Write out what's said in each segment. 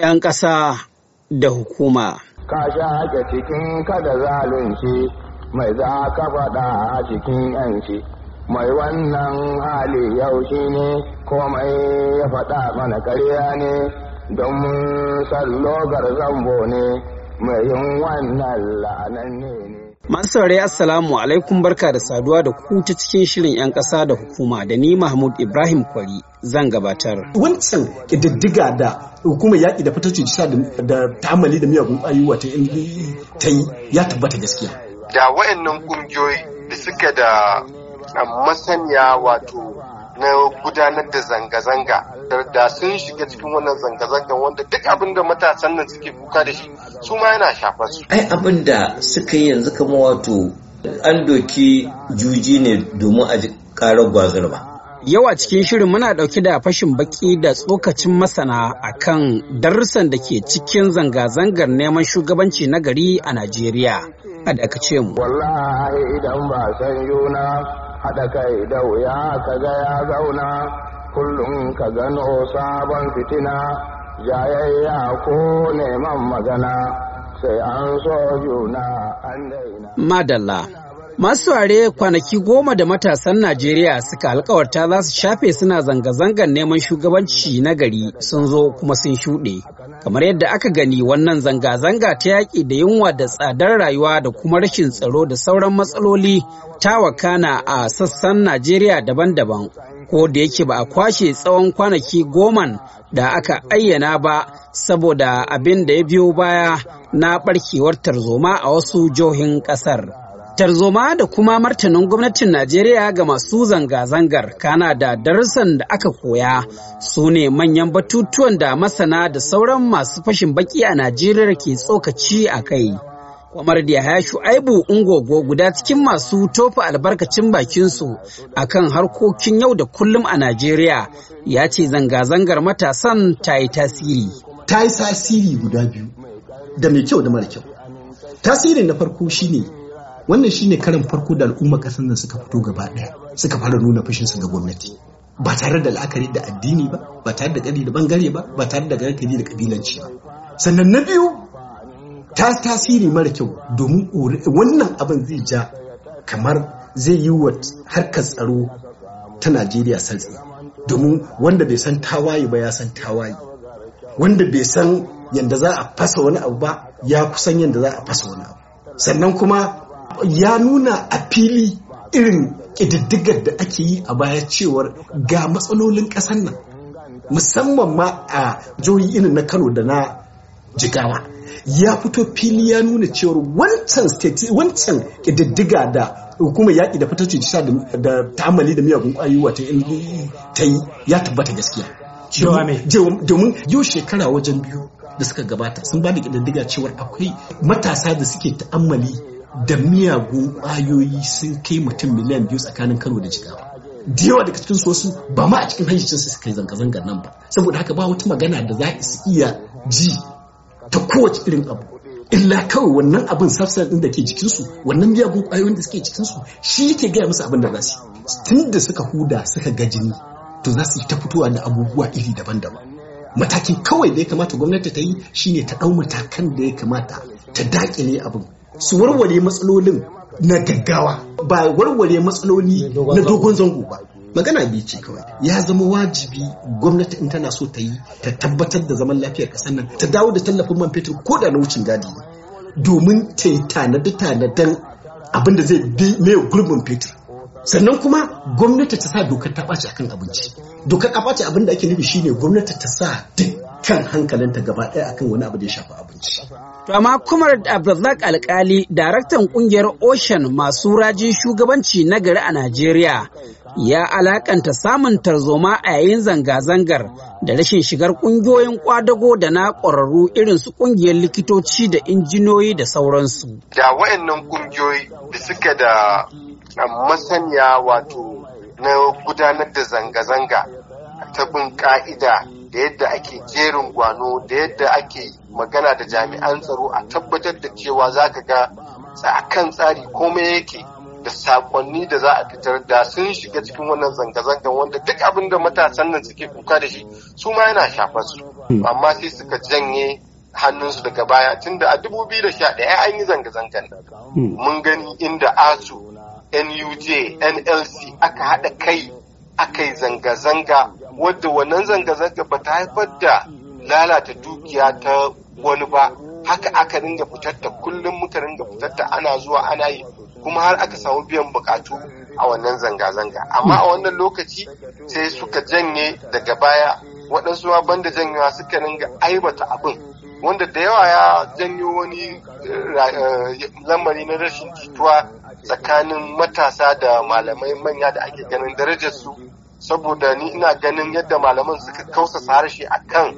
‘yan ƙasa da hukuma. Ka sha haƙe cikin kada zalunci mai za ka faɗa a cikin ‘yanci, mai wannan hali yau shi ne komai ya faɗa mana karya ne don mun sallogar zambo ne mai yin wannan la'anan ne. Masu saurari Assalamu alaikum barka da saduwa da ku ta cikin shirin 'yan ƙasa da hukuma da ni Mahmud Ibrahim Kwari zan gabatar. Wancan ƙididdiga da hukumar yaƙi da fitar cuta da tamali da miyagun ƙwayoyi wata e ta yi ya tabbata gaskiya. Da wayannan ƙungiyoyi da suka da masaniya wato na gudanar da zanga-zanga da sun shiga cikin wannan zanga-zanga wanda duk abin da matasan nan suke kuka da shi su ma yana shafar su ai abin da suka yi yanzu kama wato an doki juji ne domin a karar gwazir ba Yawa cikin shirin muna ɗauki da fashin baki da tsokacin masana a kan darussan da ke cikin zanga-zangar neman shugabanci na gari a Najeriya. A da ce mu. Wallahi idan ba san yuna haɗa kai da wuya ka ga ya zauna kullum ka gano sabon fitina jayayya ko neman magana sai an so juna an daina. Madalla. Masu ware kwanaki goma da matasan Najeriya suka alkawarta za su shafe suna zanga-zangar neman shugabanci na gari sun zo kuma sun shuɗe. Kamar yadda aka gani wannan zanga-zanga ta yaƙi da yunwa da tsadar rayuwa da kuma rashin tsaro da sauran matsaloli ta wakana a sassan Najeriya daban-daban. Ko da yake ba a kwashe tsawon kwanaki goman da aka ayyana ba saboda abin da ya biyo baya na ɓarkewar tarzoma a wasu jihohin ƙasar. tarzoma da kuma martanin gwamnatin Najeriya ga masu zanga-zangar kana da darussan da aka koya su ne manyan batutuwan da masana da sauran masu fashin baki a Najeriya ke tsokaci a kai. Kwamar da ya aibu ungogo guda cikin masu tofa albarkacin bakinsu a kan harkokin yau da kullum a Najeriya ya ce zanga-zangar matasan ta yi tasiri. Ta yi tasiri guda biyu da mai kyau da mara kyau. Tasirin na farko shine ne wannan shine karin farko da al'umma kasan nan suka fito gaba daya suka fara nuna fushin su ga gwamnati ba tare da la'akari da addini ba ba tare da kadi da bangare ba ba tare da gankali da kabilanci ba sannan na biyu ta tasiri mara kyau domin wannan abin zai ja kamar zai yi wa harkar tsaro ta najeriya santsi domin wanda bai san tawaye ba ya san tawaye wanda bai san yadda za a fasa wani abu ba ya kusan yadda za a fasa wani abu sannan kuma ya nuna a fili irin ƙididdigar da ake yi a baya cewar ga matsalolin ƙasar nan musamman ma a jihohi irin na kano da na jigawa ya fito fili ya nuna cewar wancan state wancan ƙididdiga da hukumar yaƙi da fitar cuta da tamali da miyagun ƙwayoyi wata ta yi ya tabbata gaskiya domin yau shekara wajen biyu da suka gabata sun ba da ƙididdiga cewar akwai matasa da suke ta'ammali da miyagu ƙwayoyi sun kai mutum miliyan biyu tsakanin kano da jigawa da yawa daga cikin sosu ba ma a cikin hayyacin su kai zanga-zangar nan ba saboda haka ba wata magana da za su iya ji ta kowace irin abu illa kawai wannan abin safsan din da ke jikinsu wannan miyagun ƙwayoyin da suke jikinsu shi yake gaya musu abin da za su tun da suka huda suka ga jini to za su yi ta fitowa da abubuwa iri daban-daban matakin kawai da ya kamata gwamnati ta yi shine ta ɗau matakan da ya kamata ta daƙile abin su warware matsalolin na gaggawa ba warware matsaloli na dogon zango ba magana biyu ce kawai ya zama wajibi gwamnati in tana so ta yi ta tabbatar da zaman lafiyar kasar nan ta dawo da tallafin man fetur ko da na wucin gadi ne domin ta yi tanade abin da zai bi mai gurbin fetur sannan kuma gwamnati ta sa dokar ta ɓaci akan abinci dokar ta ɓaci abin da ake nufi shine gwamnati ta sa dukkan hankalinta gaba ɗaya akan wani abu da ya shafi abinci To amma kumar Abdullak Alkali, daraktan kungiyar Ocean masu rajin shugabanci na gari a Najeriya, ya alakanta samun tarzoma a yayin zanga-zangar da rashin shigar kungiyoyin kwadago da na ƙwararru irin su kungiyar likitoci da injiniyoyi da sauransu. Da wayannan kungiyoyi da suka da masaniya wato na gudanar da zanga-zanga ta bin ka'ida da yadda ake jerin gwano da yadda ake magana da jami'an tsaro a tabbatar da cewa za ka ga a kan tsari komai yake da sakonni da za a fitar da sun shiga cikin wannan zanga-zangan wanda duk abin da matasan nan suke kuka da shi su ma yana shafar su hmm. amma sai suka janye hannunsu daga baya tunda a 2011 an yi zanga-zangan hmm. mun gani inda asu nuj nlc aka haɗa kai aka yi zanga-zanga wadda wannan zanga-zanga ba ta haifar da lalata dukiya ta wani ba haka aka ringa fitar da kullum muka ringa fitar da ana zuwa ana yi kuma har aka samu biyan bukatu a wannan zanga-zanga amma a wannan lokaci sai suka janye daga baya waɗansu ma banda janyewa suka ringa aibata abin wanda da yawa ya janyo wani eh, lamari na rashin jituwa tsakanin matasa da malamai manya da ake ganin darajarsu saboda ni ina ganin yadda malaman suka kausa harshe a kan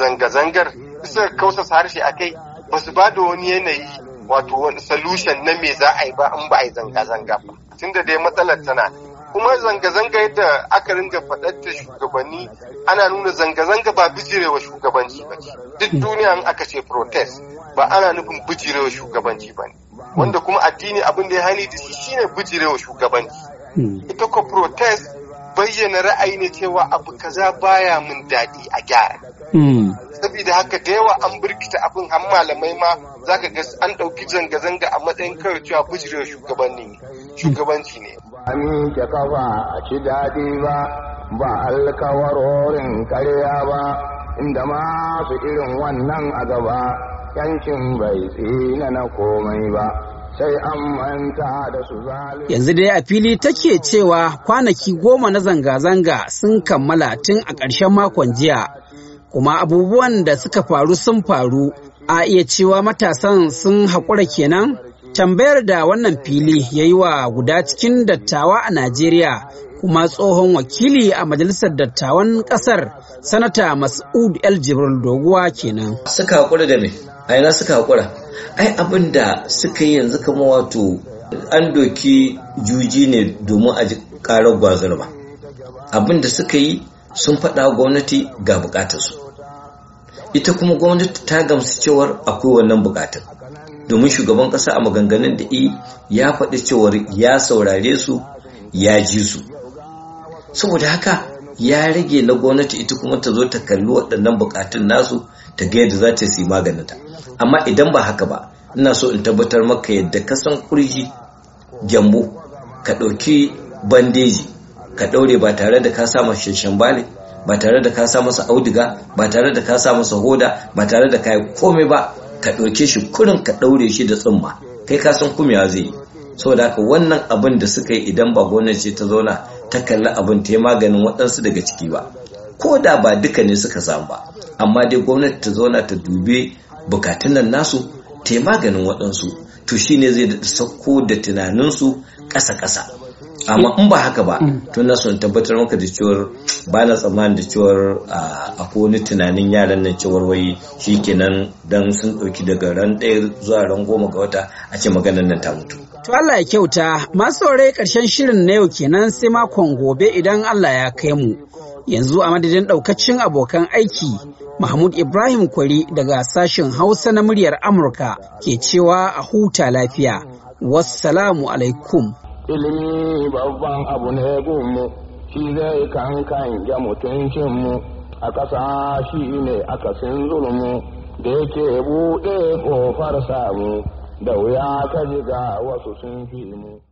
zanga-zangar suka kausa harshe a kai, ba su ba da wani yanayi wato wani solution na me za a yi ba in ba a yi zanga-zanga ba tunda dai matsalar tana kuma zanga-zanga yadda aka ringa faɗar da shugabanni ana nuna zanga-zanga ba bijirewa shugabanci ba duk duniya in aka ce protest ba ana nufin bijirewa shugabanci ba ne wanda kuma addini abin da ya hani da shi shine bijirewa shugabanci hmm. ita ko protest bayyana ra'ayi ne cewa abu kaza baya min daɗi a gyara. Hmm. Saboda haka da yawa an birkita abin har malamai ma za ka gasu an ɗauki zanga-zanga a matsayin kawai cewa bijirewa shugabanni shugabanci ne. ni ke kafa a ci daɗi ba, ba alkawarorin karya ba, inda masu irin wannan a gaba, yankin bai tsina na komai ba. Yanzu dai a fili take cewa kwanaki goma na zanga-zanga sun kammala tun a ƙarshen makon jiya, kuma abubuwan da suka faru sun faru a iya cewa matasan sun haƙura kenan? Tambayar da wannan fili ya yi wa guda cikin dattawa a Najeriya kuma tsohon wakili a majalisar dattawan kasar sanata mas'ud el jibril doguwa kenan suka hakura da me na suka hakura ai abin da suka yi yanzu kama wato an doki juji ne domin a ji karar gwazarba abin da suka yi sun faɗa gwamnati ga bukatarsu ita kuma gwamnati ta gamsu cewar akwai wannan bukatar domin shugaban ƙasa a maganganun da ya faɗi cewar ya saurare su ya ji su saboda haka ya rage na gwamnati ita kuma ta zo ta kalli waɗannan bukatun nasu ta ga yadda za ta yi maganinta amma idan ba haka ba ina so in tabbatar maka yadda ka san kurji gyambo ka ɗauki bandeji ka ɗaure ba tare da ka sa masa shanshan bale ba tare da ka sa masa auduga ba tare da ka sa masa hoda ba tare da ka yi komai ba ka ɗauke shi kurin ka ɗaure shi da tsumma kai ka san kumewa zai yi saboda haka wannan abin da suka yi idan ba gwamnati ta zauna ta kalli abin ta yi maganin waɗansu daga ciki ba ko da ba duka ne suka samu ba amma dai gwamnati ta zauna ta dube bukatun nan nasu ta maganin waɗansu to shi ne zai da sauko da tunaninsu ƙasa-ƙasa amma in ba haka ba mm. tun na son tabbatar maka da cewar ba na tsammanin da cewar a wani tunanin yaran nan cewar wai kenan dan sun ɗauki daga ran ɗaya zuwa ran goma ga wata a ce maganar nan ta mutu. To Allah ya kyauta masu saurayi ƙarshen shirin na yau kenan sai makon gobe idan Allah ya kai mu. Yanzu a madadin ɗaukacin abokan aiki Mahmud Ibrahim Kwari daga sashen Hausa na muryar Amurka ke cewa a huta lafiya. Wassalamu alaikum. ilimi babban abu ne gunmu shi zai kankan ya mutuncinmu a ƙasa shi ne akasin zulmu da yake buɗe ƙofar samu da wuya ka ji ga wasu sun fi mu